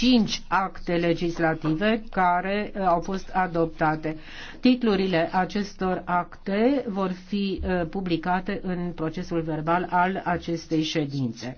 cinci acte legislative care uh, au fost adoptate. Titlurile acestor acte vor fi uh, publicate în procesul verbal al acestei ședințe.